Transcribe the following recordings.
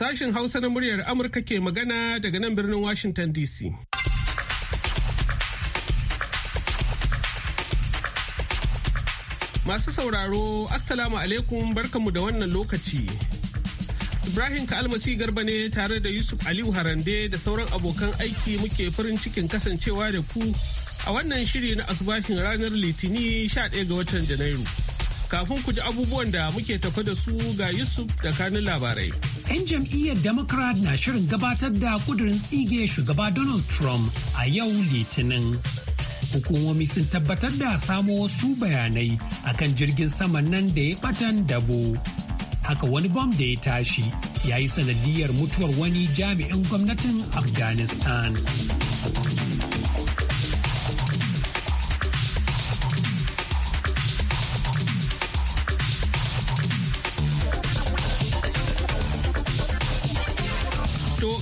Sashen Hausa na muryar Amurka ke magana daga nan birnin Washington DC. Masu sauraro, Assalamu alaikum barkanmu da wannan lokaci. Ibrahim ka'almasi Garba ne tare da Yusuf Aliyu Harande da sauran abokan aiki muke farin cikin kasancewa da ku a wannan shiri na asubashin ranar Litini 11 ga watan Janairu. Kafin ku ji abubuwan da muke tafa da su ga Yusuf da kanin labarai. 'Yan jam'iyyar Democrat na shirin gabatar da kudurin tsige shugaba Donald Trump a yau Litinin. Hukumomi sun tabbatar da samo wasu bayanai akan jirgin saman nan da ya batan dabo. Haka wani bom da ya tashi ya yi sanadiyar mutuwar wani jami'in gwamnatin Afghanistan.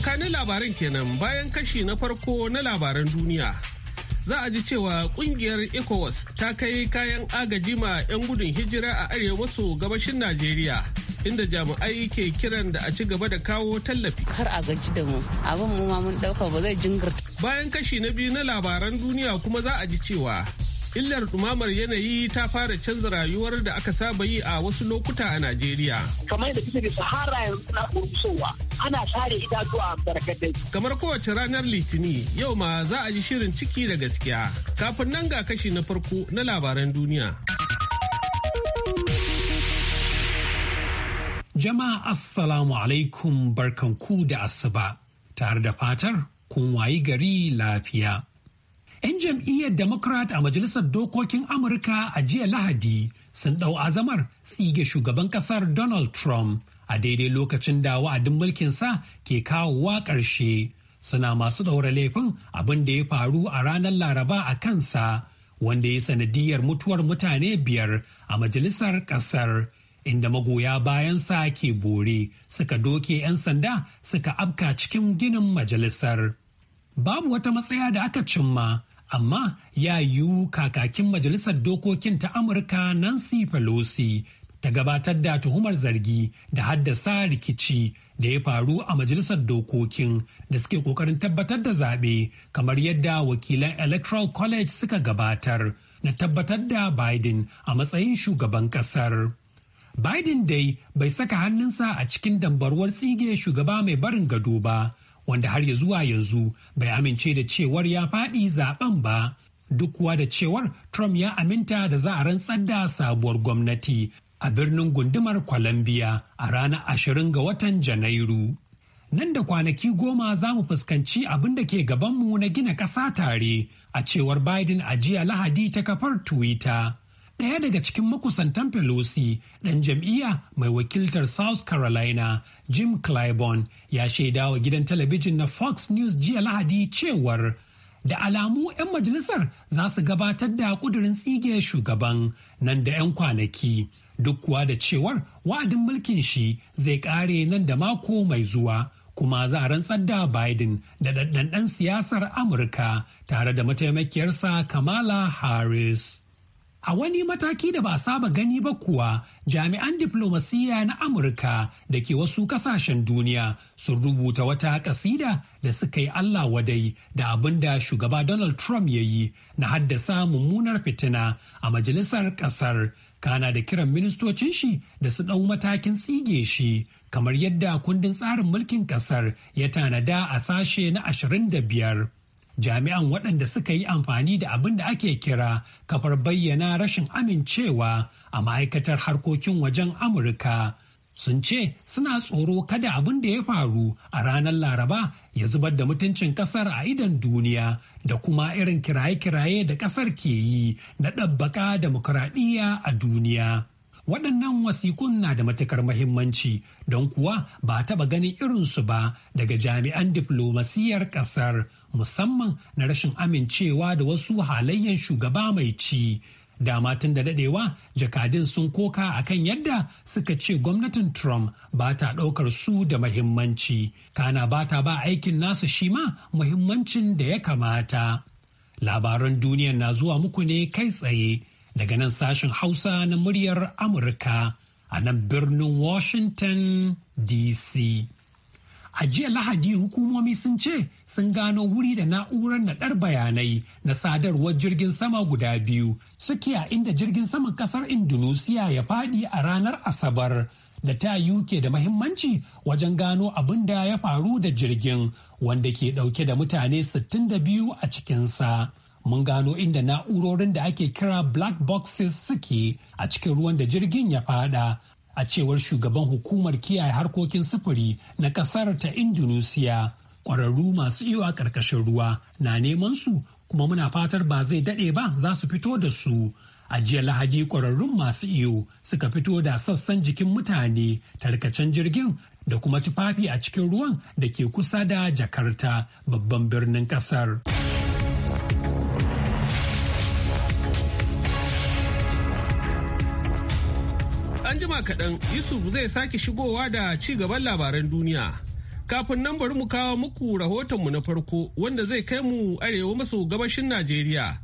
kanin labaran kenan bayan kashi na farko na labaran duniya za a ji cewa kungiyar ecowas ta kai kayan agaji ma 'yan gudun hijira a arewa maso gabashin najeriya inda jami'ai ke kiran da a ci gaba da kawo tallafi kar a gaji da mu abin mu ma mun dauka ba zai jingirta bayan kashi na biyu na labaran duniya kuma za a ji cewa illar ɗumamar yanayi ta fara canza rayuwar da aka saba yi a wasu lokuta a Najeriya. Kamar da kusa da sahara yanzu na gurgusowa ana sare itatuwa barkatai. Kamar kowace ranar Litini yau ma za a ji shirin ciki da gaskiya. Kafin nan ga kashi na farko na labaran duniya. Jama'a Assalamu alaikum barkanku da asuba tare da fatar kun wayi gari lafiya. 'Yan jam'iyyar Democrat a Majalisar Dokokin Amurka a jiya Lahadi sun ɗau azamar tsige shugaban ƙasar Donald Trump a daidai lokacin da wa'adin mulkinsa ke kawowa ƙarshe. Suna masu ɗaura laifin abin da ya faru a ranar Laraba a kansa, wanda ya sanadiyar mutuwar mutane biyar a majalisar ƙasar. inda magoya bayansa ke bore suka doke 'yan sanda suka afka cikin ginin majalisar. Babu wata matsaya da aka cimma amma ya yiwu kakakin majalisar dokokin ta amurka nancy pelosi ta gabatar da tuhumar zargi da haddasa rikici da ya faru a majalisar dokokin da suke kokarin tabbatar da zaɓe kamar yadda wakilan electoral college suka gabatar na tabbatar da biden a matsayin shugaban ƙasar. biden dai bai saka hannunsa a cikin dambarwar tsige shugaba mai barin gado ba wanda har ya zuwa yanzu bai amince da cewar ya faɗi zaben ba duk kuwa da cewar Trump ya aminta da za a rantsar da sabuwar gwamnati a birnin gundumar Columbia a ranar ashirin ga watan Janairu. Nan da kwanaki goma za mu fuskanci abin da ke gabanmu na gina ƙasa tare a cewar Biden a jiya Lahadi ta kafar Twitter. ɗaya daga cikin makusantan Pelosi ɗan jam'iyya mai wakiltar South Carolina Jim Clyburn ya shaida wa gidan talabijin na Fox News jiya Lahadi cewar da alamu 'yan majalisar za su gabatar da ƙudurin tsige shugaban nan da 'yan kwanaki duk kuwa da cewar wa'adin mulkin shi zai ƙare nan da mako mai zuwa. kuma za a rantsar da Biden da ɗanɗan siyasar Amurka tare da mataimakiyarsa Kamala Harris. A wani mataki da ba a saba gani ba kuwa jami'an diflomasiyya na Amurka da ke wasu kasashen duniya sun rubuta wata kasida da suka yi Allah wadai da abin da shugaba Donald Trump ya yi na haddasa mummunar fitina a majalisar kasar kana da kiran ministocin shi da su ɗau matakin tsige shi kamar yadda kundin tsarin mulkin kasar ya tanada a sashe na 25. jami'an waɗanda suka yi amfani da abin da ake kira kafar bayyana rashin amincewa a ma'aikatar harkokin wajen amurka sun ce suna tsoro kada abin da ya faru a ranar laraba ya zubar da mutuncin kasar a idan duniya da kuma irin kiraye-kiraye da kasar ke yi na ɗabbaka demokuraɗiyya a duniya. waɗannan wasikun na da matukar mahimmanci don kuwa ba a taɓa ganin irinsu ba daga jami'an diflomasiyyar ƙasar musamman na rashin amincewa da wasu halayyar shugaba mai ci dama tun da daɗewa jakadin sun koka a kan yadda suka ce gwamnatin trump ba ta ɗaukar su da mahimmanci kana ba ta ba aikin nasu shi ma muhimmancin da ya kamata labaran duniyar na zuwa muku ne kai tsaye daga nan sashen Hausa na muryar Amurka a nan birnin Washington DC. A jiya Lahadi hukumomi sun ce sun gano wuri da na'urar naɗar bayanai na sadarwar jirgin sama guda biyu suke a inda jirgin saman kasar Indonesia ya faɗi a ranar Asabar da ta ke da mahimmanci wajen gano abin da ya faru da jirgin wanda ke ɗauke da mutane 62 a cikinsa. mun gano inda na'urorin da ake kira black boxes suke a cikin ruwan da jirgin ya fada a cewar shugaban hukumar kiyaye harkokin sufuri na kasar ta indonesia kwararru masu iyo a ƙarƙashin ruwa na neman su kuma muna fatar ba zai daɗe ba za su fito da su a jiya lahadi kwararrun masu iyo suka fito da sassan jikin mutane tarkacen jirgin da kuma tufafi a cikin ruwan da ke kusa da jakarta babban birnin kasar. jima kaɗan Yusuf zai sake shigowa da ci gaban labaran duniya. Kafin nan bari mu kawo muku rahotonmu na farko wanda zai kai mu arewa maso gabashin Najeriya.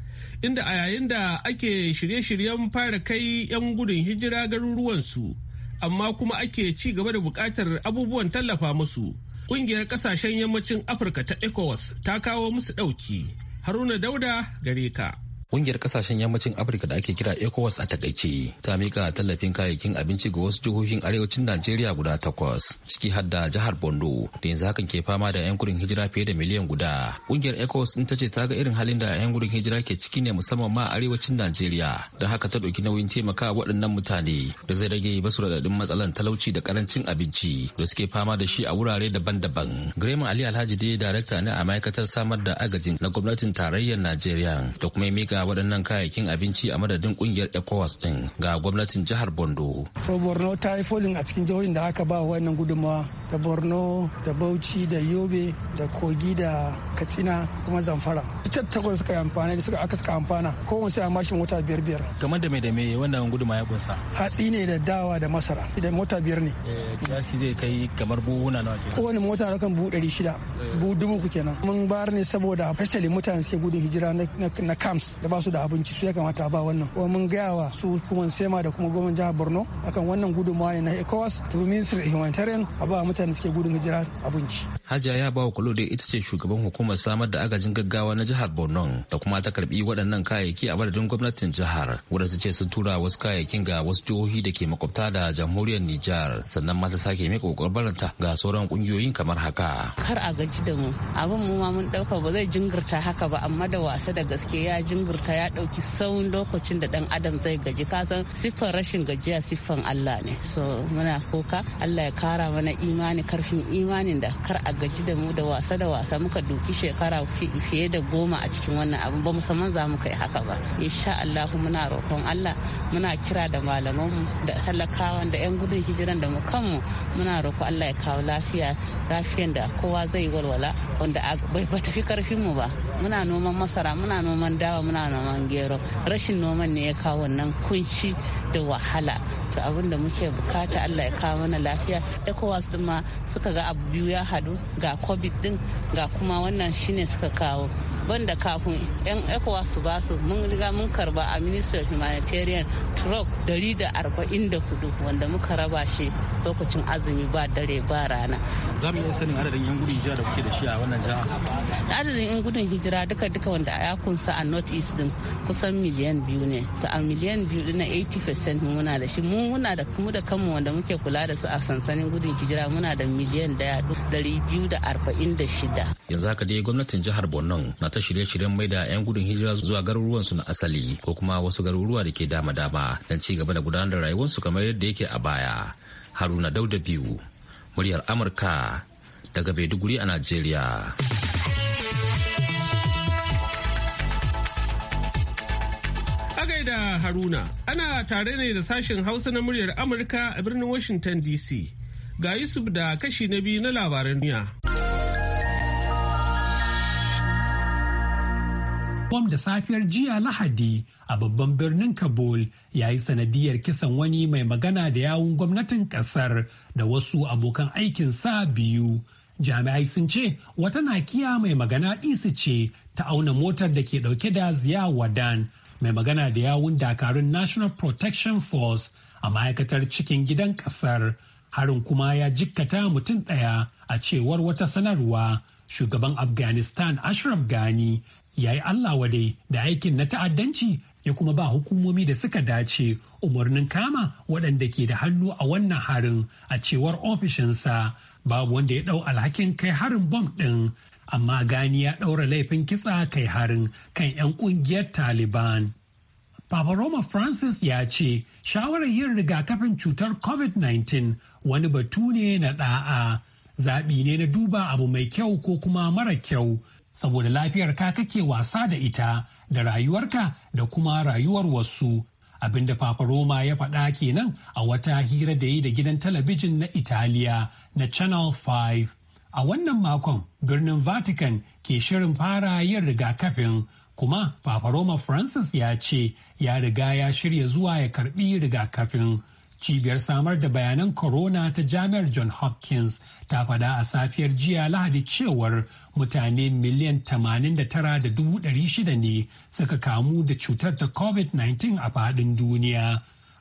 Inda a yayin da ake shirye-shiryen fara kai 'yan gudun hijira garuruwansu, amma kuma ake ci gaba da buƙatar abubuwan tallafa musu. Ƙungiyar ƙasashen yammacin Afirka ta ECOWAS ta kawo musu ɗauki. Haruna Dauda gare ka. kungiyar kasashen yammacin Afirka da ake kira ECOWAS a takaice ta mika tallafin kayayyakin abinci ga wasu jihohin arewacin Najeriya guda takwas ciki har da jihar Bondo da yanzu hakan ke fama da 'yan gudun hijira fiye da miliyan guda. kungiyar ECOWAS din ta ce ta ga irin halin da 'yan gudun hijira ke ciki ne musamman ma a arewacin Najeriya don haka ta dauki nauyin taimaka waɗannan mutane da zai rage basu raɗaɗin matsalan talauci da karancin abinci da suke fama da shi a wurare daban-daban. Grema Ali Alhaji dai darakta ne a ma'aikatar samar da agajin na gwamnatin tarayyar Najeriya da kuma mika waɗannan kayayyakin abinci a madadin kungiyar ecowas din ga gwamnatin jihar bondo borno ta yi folin a cikin jihohin da aka ba wannan gudunmawa da borno da bauchi da yobe da kogi da katsina kuma zamfara ita takwas suka yi amfana da suka aka suka amfana kowane sai a mashin mota biyar biyar kamar da mai da mai wannan gudunmawa ya kunsa hatsi ne da dawa da masara da mota biyar ne kiyasi eh, zai kai kamar buhuna nawa kowane mota na kan buhu ɗari shida eh. buhu dubu ku kenan mun bayar ne saboda fasali mutane suke gudun hijira na camps da ba su da abinci su ya kamata ba wannan kuma mun gaya wa su hukumar sema da kuma gwamnan jihar borno akan wannan gudunmawa na ecowas to ministry humanitarian a ba mutane suke gudun hijira abinci hajiya ya bawa wa da ita ce shugaban hukumar samar da agajin gaggawa na jihar borno da kuma ta karbi waɗannan kayayyaki a madadin gwamnatin jihar wadda ta ce sun tura wasu kayayyakin ga wasu jihohi da ke makwabta da jamhuriyar nijar sannan ma ta sake mai kokarbaranta ga sauran kungiyoyin kamar haka kar a gaji da mu abin mu ma mun dauka ba zai jingirta haka ba amma da wasa da gaske ya jingirta furta ya ɗauki tsawon lokacin da ɗan adam zai gaji kasan siffan rashin gajiya siffan Allah ne so muna koka Allah ya kara mana imani karfin imanin da kar a gaji da mu da wasa da wasa muka duki shekara fiye da goma a cikin wannan abin ba musamman za mu kai haka ba insha Allah muna roƙon Allah muna kira da malamanmu da talakawan da 'yan gudun hijiran da mu kanmu muna roƙo Allah ya kawo lafiya lafiyan da kowa zai walwala wanda bai tafi karfin mu ba muna noman masara muna noman dawa muna noman gero rashin noman ne ya kawo wannan kunshi da wahala to abin da muke bukata allah ya kawo mana lafiya ecowas din ma suka ga abu biyu ya hadu ga covid din ga kuma wannan shine suka kawo banda kafin yan ecowa su ba su mun riga mun karba a ministry of humanitarian truck 144 wanda muka raba shi lokacin azumi ba dare ba rana za mu iya sanin adadin yan gudun hijira da kuke da shi a wannan jiha adadin yan gudun hijira duka duka wanda ya kunsa a north east din kusan miliyan biyu ne to a miliyan biyu din na 80% muna da shi mu muna da mu da kanmu wanda muke kula da su a sansanin gudun hijira muna da miliyan daya dari biyu da arba'in da shida yanzu haka dai gwamnatin jihar borno na ta shirye-shiryen mai da 'yan gudun hijira zuwa garuruwansu na asali ko kuma wasu garuruwa da ke dama-dama don ci gaba da gudanar da rayuwarsu kamar yadda yake a baya. Haruna Dauda biyu, muryar Amurka daga Baiduguri a Najeriya. da Haruna, ana tare ne da sashen Hausa na muryar Amurka a birnin Washington DC. Ga Yusuf da kashi na biyu na labaran duniya. bom da safiyar jiya lahadi a babban birnin kabul ya yi sanadiyar kisan wani mai magana da yawun gwamnatin kasar da wasu abokan aikin sa biyu jami'ai sun ce wata na nakiya mai magana ɗisu ce ta auna motar da ke ɗauke da ziya wadan mai magana da yawun dakarun national protection force a ma'aikatar cikin gidan kasar harin kuma ya jikkata mutum ɗaya a cewar wata sanarwa shugaban afghanistan ashraf ghani ya yi Allah wadai da aikin na ta'addanci ya kuma ba hukumomi da suka dace umarnin kama waɗanda ke da hannu a wannan harin a cewar ofishinsa babu wanda ya ɗau alhakin kai harin bom ɗin amma gani ya ɗaura laifin kitsa kai harin kan 'yan ƙungiyar taliban Papa Roma Francis ya ce shawarar yin rigakafin cutar COVID-19 wani batu ne na ɗa'a zaɓi ne na duba abu mai kyau ko kuma mara kyau saboda lafiyar ka kake wasa da ita da rayuwarka da kuma rayuwar wasu abinda Papa Roma ya faɗa kenan a wata hira da yi da gidan talabijin na Italiya na Channel 5. A wannan makon birnin Vatican ke shirin fara yin rigakafin kuma Papa Roma Francis ya ce ya riga ya shirya zuwa ya karbi rigakafin cibiyar samar da bayanan corona ta jami'ar john hopkins ta faɗa a safiyar jiya lahadi cewar mutane miliyan 89,600 ne suka kamu da cutar ta covid-19 a faɗin duniya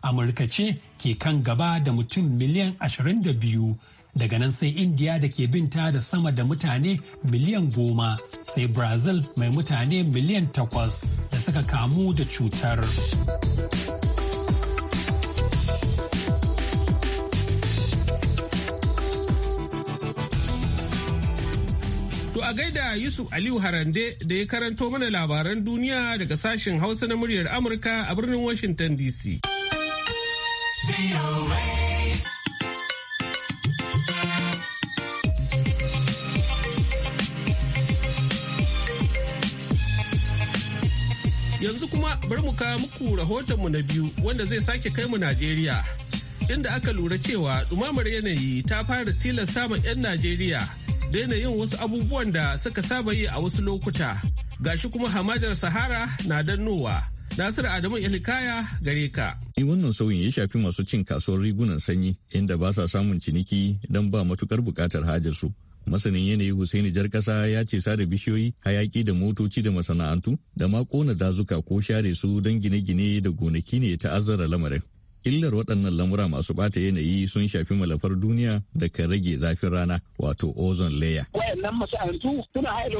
amurka ce ke kan gaba da mutum miliyan 22 daga nan sai indiya da ke binta da sama da mutane miliyan goma sai brazil mai mutane miliyan takwas da suka kamu da cutar. a gaida Yusuf Aliyu Harande da ya karanto mana labaran duniya daga sashen Hausa na muryar Amurka a birnin Washington DC. Yanzu kuma bar mu kawo muku rahotonmu na biyu wanda zai sake kai mu Najeriya. Inda aka lura cewa ɗumamar yanayi ta fara tilasta ma 'yan Najeriya daina yin wasu abubuwan da suka saba yi a wasu lokuta ga shi kuma hamadar sahara na dannowa Nasiru Adamu Ilikaya gare ka. Ni wannan sauyin ya shafi masu cin kasuwar rigunan sanyi inda ba sa samun ciniki don ba matukar bukatar hajarsu. Masanin yanayi Hussaini Jar Jarkasa ya ce sada bishiyoyi, hayaki da motoci da masana'antu da ma kona dazuka ko share su don gine-gine da gonaki ne ta'azzara lamarin. illar waɗannan lamura masu ɓata yanayi sun shafi malafar duniya da kan rage zafin rana wato ozone layer. Wayannan masana'antu suna haɗa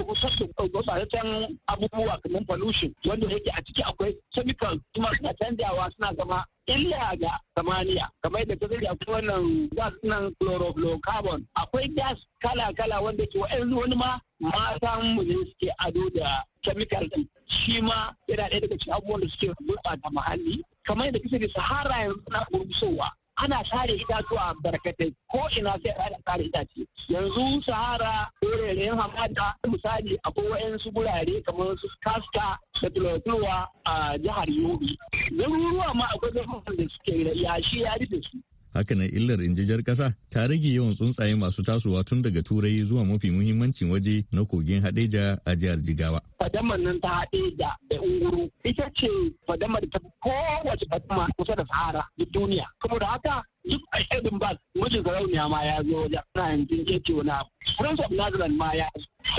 gurɓataccen abubuwa kamar pollution wanda yake a ciki akwai chemical kuma suna canjawa suna zama illa ga samaniya kamar yadda ka sani akwai wannan gas nan chlorofluorocarbon akwai gas kala-kala wanda ke wa'yanzu wani ma matan mu ne suke ado da chemical din shi ma yana ɗaya daga cikin abubuwan da suke gurɓata muhalli kamar yadda kisa da sahara yanzu na gurgusowa ana sare itatuwa barkatai ko ina sai ana sare itace yanzu sahara wuraren hamada misali akwai wayansu gurare kamar su kaska da tulotuwa a jihar yobe garuruwa ma akwai garuruwan da suke yashi ya da su hakanan illar injijar ƙasa ta rage yawan tsuntsaye masu tasowa tun daga turai zuwa mafi muhimmancin waje na kogin hadeja a jihar jigawa fadamar nan ta haɗe da unguru ita ce fadamar ta kowace fadama kusa da sahara duk duniya da haka duk a irin ba wajen sarauniya ma ya zo wajen ana yanzu ke ce wani abu prince of ma ya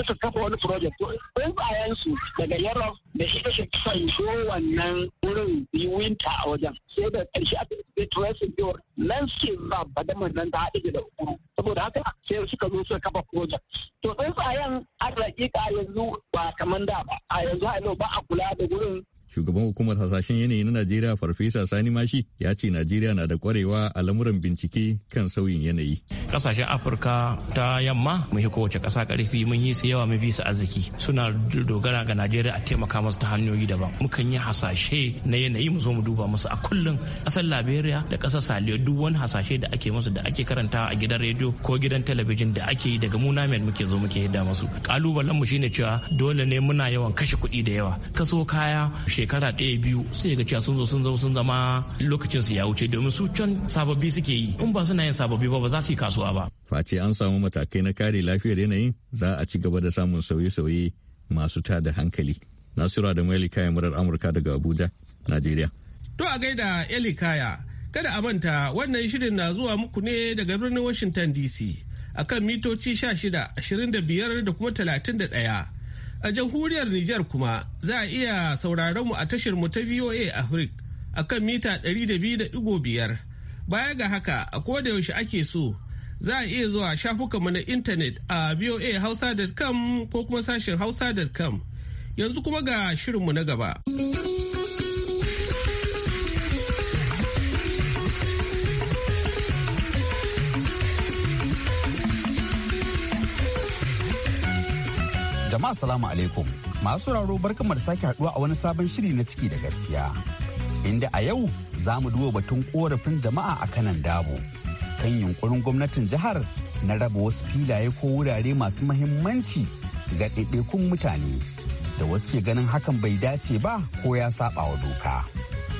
suka kafa wani project prince bayansu daga europe da ita shi kan zo wannan wurin yi a wajen sai da karshe aka yi tracing door nan suke ba badamar nan ta haɗe da ukuru saboda haka sai suka zo suka kafa project to prince ayan a hakika yanzu ba kamar da ba a yanzu a ba a kula da wurin Shugaban hukumar hasashen yanayi na Najeriya Farfesa Sani Mashi ya ce Najeriya na da kwarewa a lamuran bincike kan sauyin yanayi. kasashen afirka ta yamma mun yi kowace kasa karfi mun yi su yawa mun su arziki suna dogara ga najeriya a taimaka masu ta hanyoyi daban mukan yi hasashe na yanayi mu zo mu duba musu a kullum kasar liberia da kasar saliyo duk wani hasashe da ake musu da ake karanta a gidan rediyo ko gidan talabijin da ake yi daga muna muke zo muke da musu kalubalen mu shine cewa dole ne muna yawan kashe kuɗi da yawa kaso kaya shekara ɗaya biyu sai ga cewa sun zo sun zo sun zama lokacin su ya wuce domin su can sababbi suke yi in ba suna yin sababbi ba ba za su yi kasuwa ba. Face an samu matakai na kare lafiyar yanayin za a ci gaba da samun sauye-sauye masu ta da hankali. Nasiru da Maili murar Amurka daga Abuja, Najeriya. To a gaida Eli Kaya, kada a manta wannan shirin na zuwa muku ne daga birnin Washington DC akan mitoci sha shida, ashirin da biyar, da kuma talatin da ɗaya. A jamhuriyar Nijar kuma za a iya sauraron mu a tashar mu ta VOA Africa akan mita ɗari da da biyu biyar. Baya ga haka a koda yaushe ake so za a iya zuwa shafukanmu na intanet a voahausa.com ko kuma sashen hausa.com. Yanzu kuma ga shirinmu na gaba. Jama'a salamu alaikum. Masu sauraro bar da sake haduwa a wani sabon shiri na ciki da gaskiya. Inda a yau za mu duba batun korafin jama'a a kanan dabo. kan yunkurin gwamnatin jihar na raba wasu filaye ko wurare masu mahimmanci ga ɗaiɗaikun mutane da wasu ke ganin hakan bai dace ba ko ya saba wa doka.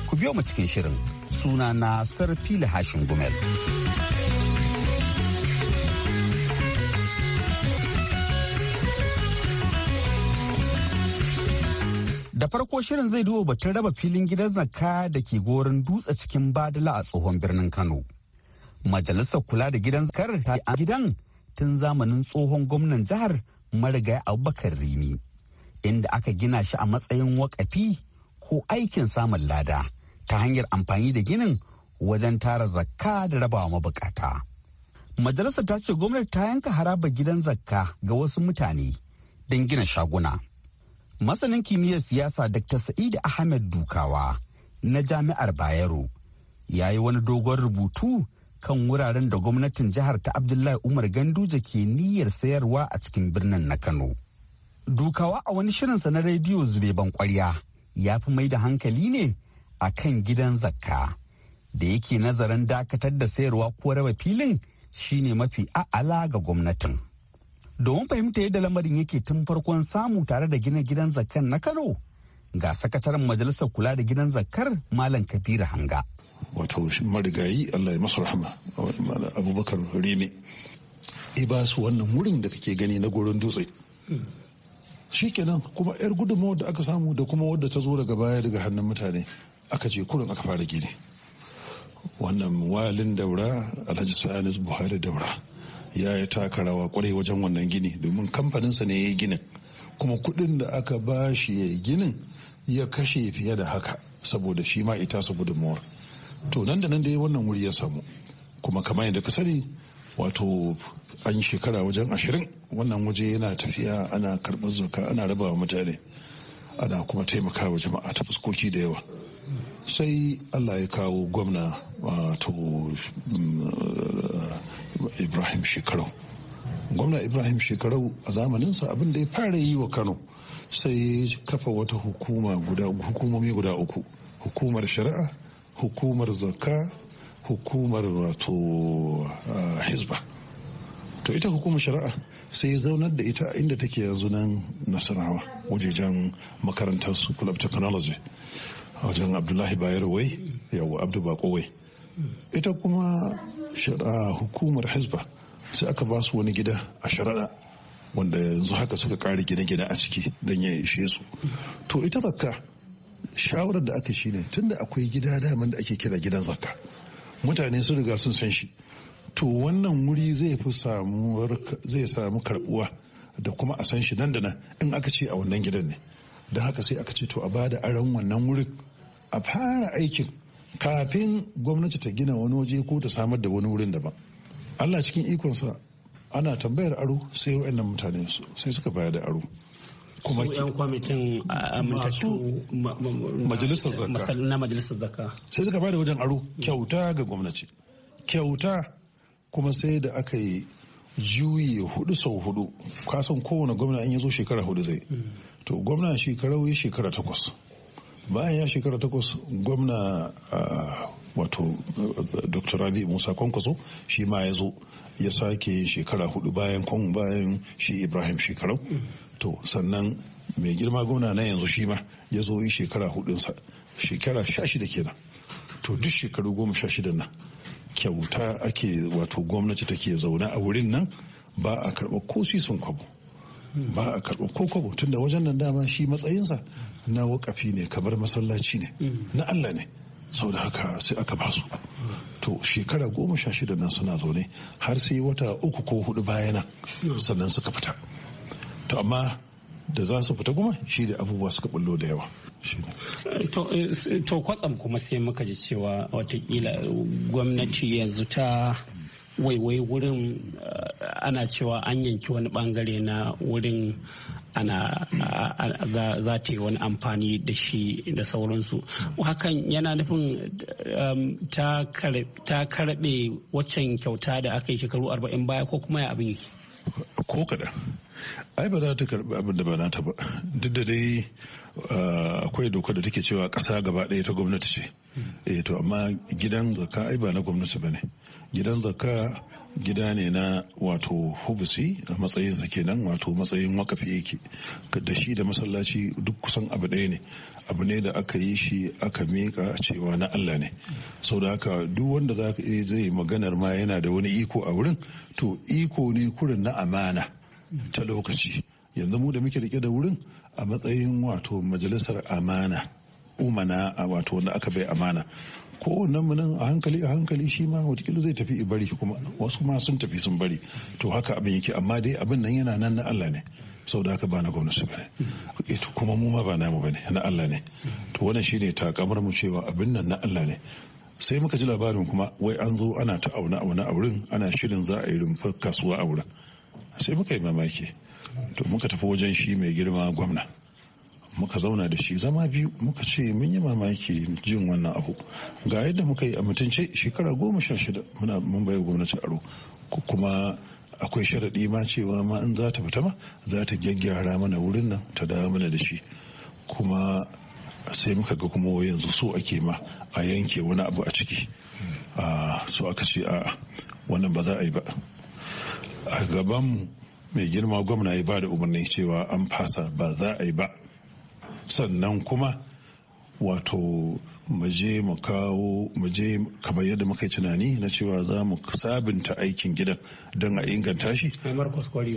Ku biyo mu cikin shirin suna na fila Hashin Gumel. Da farko shirin zai duba batun raba filin gidan zakka da ke gorin dutse cikin badala a tsohon birnin Kano. Majalisar kula da gidan zakar ta a gidan tun zamanin tsohon gwamnan jihar mariga Abubakar Rimi, inda aka gina shi a matsayin wakafi ko aikin samun lada ta hanyar amfani da ginin wajen tara zakka da rabawa mabukata. Majalisar ta ce gwamnati ta yanka haraba gidan zakka ga wasu mutane don gina shaguna. Masanin kimiyyar siyasa Dr. Sa'id Ahmed Dukawa na Jami'ar Bayero ya yi wani dogon rubutu kan wuraren da gwamnatin jihar ta Abdullahi Umar Ganduje ke niyyar sayarwa a cikin birnin na Kano. Dukawa a wani shirinsa na rediyo zube ban kwarya ya fi mai da hankali ne a kan gidan zakka da yake nazarin dakatar da sayarwa ko raba filin shine mafi a'ala ga gwamnatin. Domin fahimta yadda lamarin yake tun farkon samu tare da gina gidan zakkan na Kano ga sakataren majalisar kula da gidan zakkar Malam Kabiru Hanga. wato marigayi allah ya masa rahama abubakar reme i ba su wannan wurin da kake gani na goron dutse shi kenan kuma yar gudunmawar da aka samu da kuma wadda ta zo daga baya daga hannun mutane aka ce kurin aka fara gini wannan walin daura alhaji sa'anis buhari daura ya yi taka rawa kwarai wajen wannan gini domin kamfaninsa ne ya yi ginin kuma kudin da aka ba shi ya yi ginin ya kashe fiye da haka saboda shi ma ita su gudunmawar to nan da nan da wannan wuri ya samu kuma kamar yadda ka sani wato an shekara wajen ashirin wannan waje yana tafiya ana karɓar zaka ana raba wa mutane ana kuma taimakawa jama'a ta fuskoki da yawa sai allah ya kawo gwamna wato mm, ibrahim shekarau gwamna ibrahim shekarau a zamaninsa abin da ya fara yi wa kano sai kafa wata hukuma guda hukumomi guda uku hukumar shari'a hukumar Zaka hukumar wato ah, Hisba to ita hukumar shari'a sai ya zaunar da ita inda take yanzu nan nasarawa wajejen makarantar su club technology wajen abdullahi bayero wai yawa abdu bako wai ita kuma shari'a hukumar Hisba sai aka ba su wani gida a shari'a wanda yanzu haka suka kare gine-gine a ciki don ya ishe su to ita zakka shawarar da aka shi ne tunda akwai gida daman da ake kira gidan zakka mutane sun riga sun san shi to wannan wuri zai fi zai samu karbuwa da kuma a san shi nan da nan in aka ce a wannan gidan ne da haka sai aka ce to a bada aron wannan wurin a fara aikin kafin gwamnati ta gina wani waje ko ta samar da wani wurin daban Allah cikin ikonsa ana tambayar aro sai wa'annan mutane sai suka bayar da aro kuma yan kwamitin ah, amintattu majalisar zakka na majalisar zakka sai suka bada wajen aro kyauta ga gwamnati kyauta kuma sai da aka yi juyi hudu sau hudu kasan kowane gwamna in ya zo shekara hudu zai mm. to gwamna shekara wuyi shekara takwas bayan ya shekara takwas gwamna ah, wato dr rabi musa kwankwaso shi ma ya zo ya sake shekara hudu bayan bayan shi ibrahim shekarau mm. to sannan mai girma gwamna na yanzu shi ma ya zo yi shekara hudunsa shekara sha shida kenan to duk shekaru goma sha shida nan kyauta ake wato gwamnati take zaune a wurin nan ba a karɓa ko sisin kwabo ba a karɓa ko kwabo tunda wajen nan dama shi matsayinsa na wakafi ne kamar masallaci ne na Allah ne sau da haka sai aka basu to shekara goma sha shida nan suna zaune har sai wata uku ko hudu bayana sannan suka fita to amma da za su fita kuma shi da abubuwa suka bullo da yawa eh, to kwatsam kuma sai muka ji cewa watakila gwamnati yanzu ta waiwai wurin eh, ana cewa an yanki wani bangare na wurin ana za ta yi wani amfani da shi da sauransu hakan yana nufin ehm, ta karbe waccan kyauta da aka yi shekaru 40 baya ko kuma ya abin yake ko kaɗan ai ba za ta karɓi abin da ba nata ba duk da dai akwai doka da take cewa ƙasa gaba ɗaya ta gwamnati ce hmm. eh to amma gidan zakka ai ba na gwamnati ba ne gidan zakka gida ne na wato hubusi a matsayin sa kenan wato matsayin wakafi yake da shi da masallaci duk kusan abu ɗaya ne abu ne da aka yi shi aka miƙa cewa na Allah ne sau da haka duk wanda za ka zai maganar ma yana da wani iko a wurin to iko ne kurin na amana ta lokaci yanzu mu da muke rike da wurin a matsayin wato majalisar amana umana a wato wanda aka bai amana kowannen mu nan a hankali a hankali shi ma watakila zai tafi bari kuma wasu ma sun tafi sun bari to haka abin yake amma dai abin nan yana nan na Allah ne sau da haka ba na gwamnati ba ne ita e, kuma mu ma ba namu ba ne na Allah ne to wannan shine takamar mu cewa abin nan na Allah ne sai muka ji labarin kuma wai an zo ana ta auna auna a wurin ana shirin za a yi rumfar kasuwa a wurin sai muka yi mamaki to muka tafi wajen shi mai girma gwamna muka zauna da shi zama biyu muka ce mun yi mamaki jin wannan abu ga yadda muka yi a mutunce shekara goma sha shida muna mun bayar gwamnati aro kuma akwai sharaɗi ma cewa ma in za ta fita ma za ta gyaggyara mana wurin nan ta dawo mana da shi kuma sai muka ga kuma yanzu so ake ma a yanke wani abu a ciki hmm. ah, so aka ce a wannan ba za a yi ba a gaban mai girma gwamna ya ba da umarni cewa an fasa ba za a yi ba sannan kuma wato maje mu kawo maje kamar yadda muka yi tunani na cewa za mu sabinta aikin gidan don a inganta shi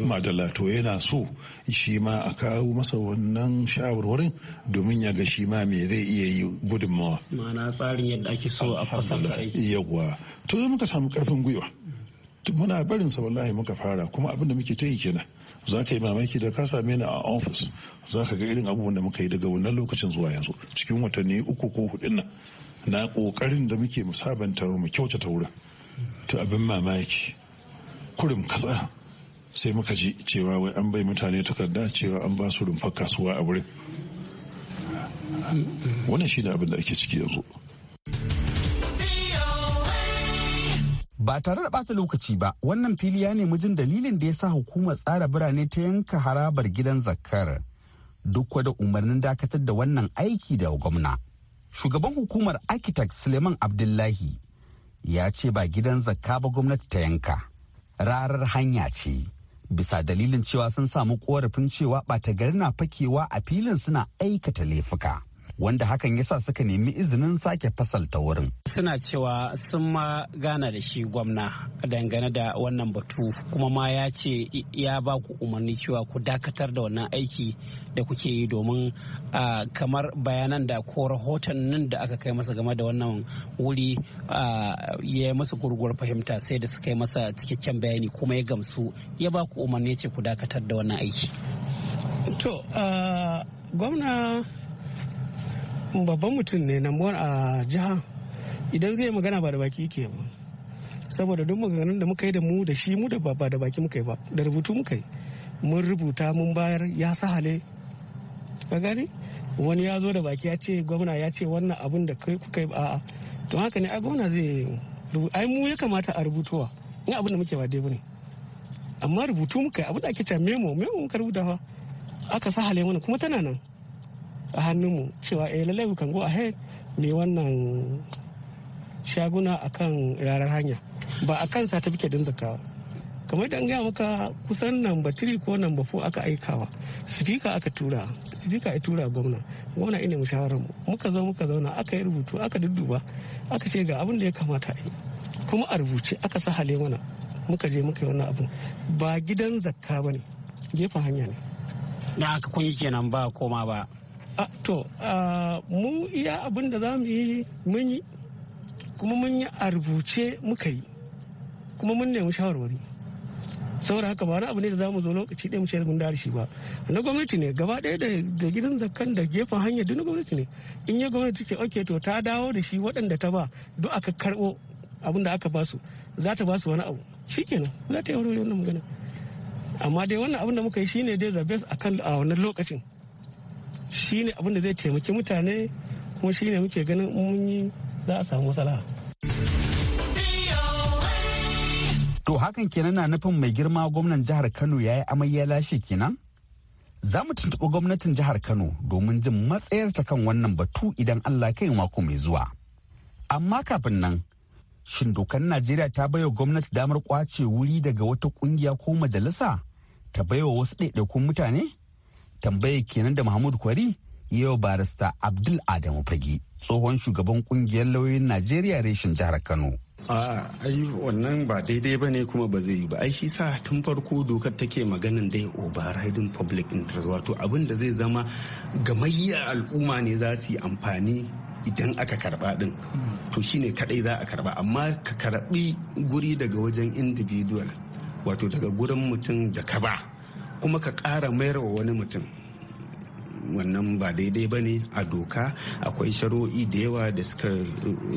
madalla to yana so shi ma a kawo masa wannan shawarwarin domin ya ga shi ma me zai iya yi gudunmawa ma'ana tsarin yadda ake so a fasalta aiki yawa to muka samu karfin gwiwa muna barin sa wallahi muka fara kuma abinda muke ta yi kenan za ka yi mamaki da ka same ni a ofis za ka ga irin abubuwan da muka yi daga wannan lokacin zuwa yanzu cikin watanni uku ko hudu nan na kokarin da muke musabanta mu kyauta ta wurin to abin mamaki kurum katsa sai muka ji cewa wai an bai mutane takarda cewa an ba su rumfar kasuwa a wurin wannan shi ne abin da ake ciki yanzu. ba tare da bata lokaci ba wannan fili ya nemi jin dalilin da ya sa hukumar tsara birane ta yanka harabar gidan zakkar duk da umarnin dakatar da wannan aiki da gwamna shugaban hukumar architect suleiman abdullahi ya ce ba gidan zakka ba gwamnati ta yanka rarar hanya ce bisa dalilin cewa sun samu korafin cewa ɓata gari na fakewa a filin suna aikata laifuka wanda hakan yasa suka nemi izinin sake fasalta wurin. Suna cewa sun ma gana da shi gwamna dangane da wannan batu kuma ma ya ce ya ba ku umarni cewa ku dakatar da wannan aiki da kuke yi domin kamar bayanan da ko rahoton nan da aka kai masa game da wannan wuri ya yi masa gurguwar fahimta sai da suka yi masa cikakken bayani kuma ya gamsu ya ba ku umarni ce ku dakatar da wannan aiki. To, gwamna babban mutum ne na a jiha idan zai magana ba da baki ke ba saboda duk maganganun da muka yi da mu da shi mu da ba da baki muka yi ba da rubutu muka yi mun rubuta mun bayar ya sahale ka gani wani ya zo da baki ya ce gwamna ya ce wannan abin da kai kuka yi ba a'a to haka ne ai gwamna zai ai mu ya kamata a rubutuwa in abin da muke ba dai bane amma rubutu muka yi abin da ake cewa memo memo muka rubuta fa aka sa hale mana kuma tana nan a hannunmu cewa eh lallai we can go ahead mai wannan shaguna akan rarar hanya ba akan certificate din zakawa kamar da an gaya maka kusan namba 3 ko namba 4 aka aikawa sifika aka tura sifika ya tura gwamna gwamna ina mu muka zo muka zauna aka yi rubutu aka dudduba aka ce ga abin da ya kamata yi kuma a rubuce aka sa hale mana muka je muka yi wani abu ba gidan zakka ba ne gefen hanya ne da aka kunyi kenan ba koma ba to mu iya abin da za mu yi mun yi kuma mun yi a rubuce muka yi kuma mun nemi shawarwari saboda haka ba wani abu ne da mu zo lokaci ɗaya mu ce mun dare shi ba na gwamnati ne gaba ɗaya da gidan zakan da gefen hanyar duk na gwamnati ne in ya gwamnati ce ok to ta dawo da shi waɗanda ta ba duk aka karɓo abin da aka basu za ta basu wani abu shikenan za ta yi wani wannan magana amma dai wannan abin da muka yi shine dai the best akan a wannan lokacin shine abin da zai taimaki mutane kuma shine muke ganin mun yi za a samu matsala to hakan kenan na nufin mai girma gwamnan jihar kano ya yi amai ya lashe kenan za mu tuntuɓi gwamnatin jihar kano domin jin matsayarta kan wannan batu idan allah kai mako mai zuwa amma kafin nan shin dokar najeriya ta baiwa gwamnati damar kwace wuri daga wata kungiya ko majalisa ta baiwa wasu ɗaiɗaikun mutane tambaye kenan da mahmud kwari yau barista abdul adamu fage tsohon shugaban kungiyar lauyoyin najeriya reshen jihar kano a wannan ba daidai ba ne kuma ba zai yi ba ai shi sa tun farko dokar take maganin dai overriding public interest wato abin da zai zama gamayya al'umma ne za su yi amfani idan aka karba din hmm. to shine kadai za a karba amma ka karbi guri daga wajen individual wato daga gurin mutum da ka ba kuma ka ƙara wa wani mutum wannan ba daidai ba ne a doka akwai shari'o'i da yawa da suka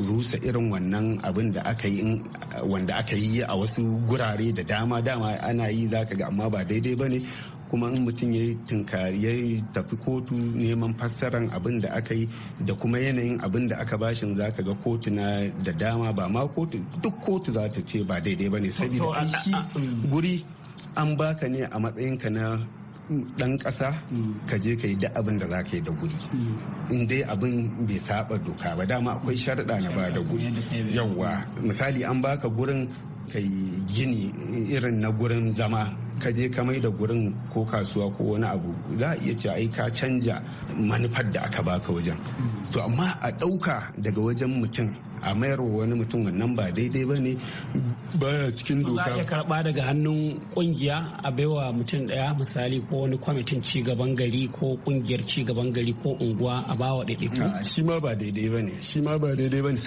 rusa irin wannan abin da aka yi wanda aka yi a wasu gurare da dama dama ana yi zaka ga amma ba daidai ba ne kuma in mutum ya tunkari ya tafi kotu neman fassaran abin da aka yi da kuma yanayin abin da aka bashin za ka ga kotuna da dama ba ma kotu duk kotu za ta ce ba daidai ba ne saboda guri an baka ne a matsayinka na dan kasa hmm. ka je ka yi da abin da za ka yi da guri hmm. in dai abin bai saba doka ba dama akwai sharaɗa na ba da guri yawwa misali an baka gurin ka yi gini irin na gurin zama ka je ka mai da gurin ko kasuwa ko wani abu za a iya ce ai ka canja manufar da aka baka wajen hmm. to amma a ɗauka daga wajen mutum a mayar wa wani mutum wannan ba daidai ba ne baya cikin doka. Za a karba daga hannun kungiya a baiwa mutum daya misali ko wani kwamitin ci gaban gari ko kungiyar ci gaban gari ko unguwa a bawa Shi ma ba daidai ba ne. Shi ma ba daidai ba ne.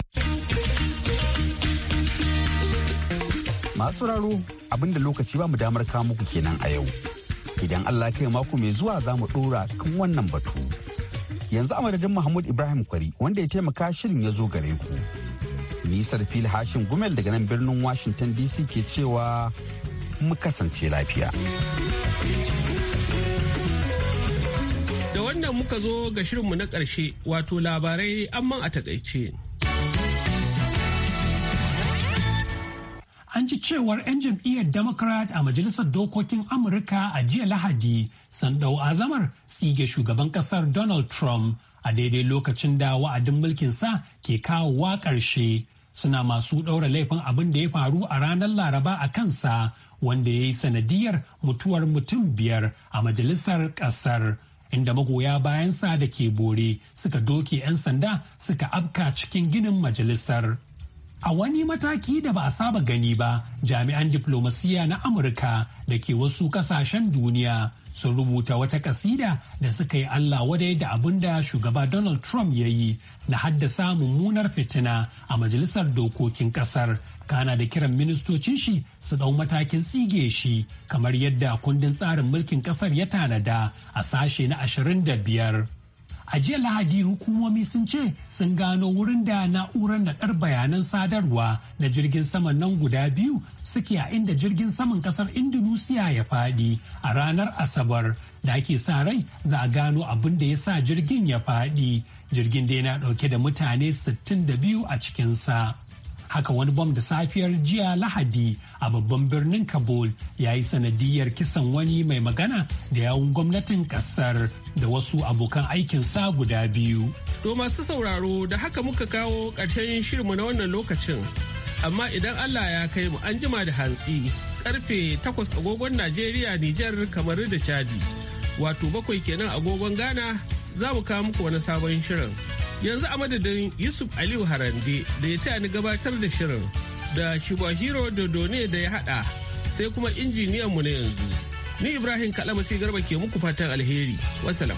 Masu raro abinda lokaci ba mu damar kawo muku kenan a yau. Idan Allah kai mako mai zuwa za mu ɗora kan wannan batu. Yanzu a madadin Mahmud Ibrahim Kwari wanda ya taimaka shirin ya zo gare ku. Nisar fil hashin gumel daga nan birnin Washington DC ke cewa mu kasance lafiya. Da wannan muka zo ga shirinmu na ƙarshe wato labarai amma a takaice. an ji cewar 'yan jam'iyyar democrat a majalisar dokokin amurka a jiya lahadi san dau azamar tsige shugaban kasar donald trump a daidai lokacin da wa'adin mulkinsa ke kawowa ƙarshe suna masu ɗaura laifin abin da ya faru a ranar laraba a kansa wanda ya yi sanadiyar mutuwar mutum biyar a majalisar ƙasar inda magoya bayansa da ke bore suka doke 'yan sanda suka afka cikin ginin majalisar A wani mataki da ba a saba gani ba, jami'an diflomasiyya na Amurka da ke wasu kasashen duniya sun rubuta wata kasida da suka yi Allah wadai da abin da shugaba Donald Trump ya yi na haddasa mummunar fitina a majalisar dokokin kasar. Kana da kiran ministocin shi su ɗau matakin tsige shi kamar yadda kundin tsarin mulkin kasar ya tanada a sashe na 25. A jiya Lahadi hukumomi sun ce sun gano wurin da na'urar naɗar bayanan sadarwa na jirgin saman nan guda biyu suke a inda jirgin saman ƙasar Indonesia ya faɗi a ranar Asabar da ake sa rai za a gano abin da ya sa jirgin ya faɗi. Jirgin da yana ɗauke da mutane 62 a cikinsa. haka wani bom da safiyar jiya lahadi a babban birnin kabul ya yi sanadiyar kisan wani mai magana da yawun gwamnatin kasar da wasu abokan aikin sa guda biyu to masu sauraro da haka muka kawo ƙarshen shirinmu na wannan lokacin amma idan allah ya kai mu an jima da hantsi karfe 8 agogon najeriya nijar kamar da chadi wato bakwai kenan agogon ghana za mu kawo muku wani sabon shirin. yanzu a madadin yusuf aliyu harande da ya taya ni gabatar da shirin da shibahiro dodone da ya hada sai kuma injiniyan mu na yanzu ni ibrahim Kalama sai garba ke muku fatan alheri wasalam.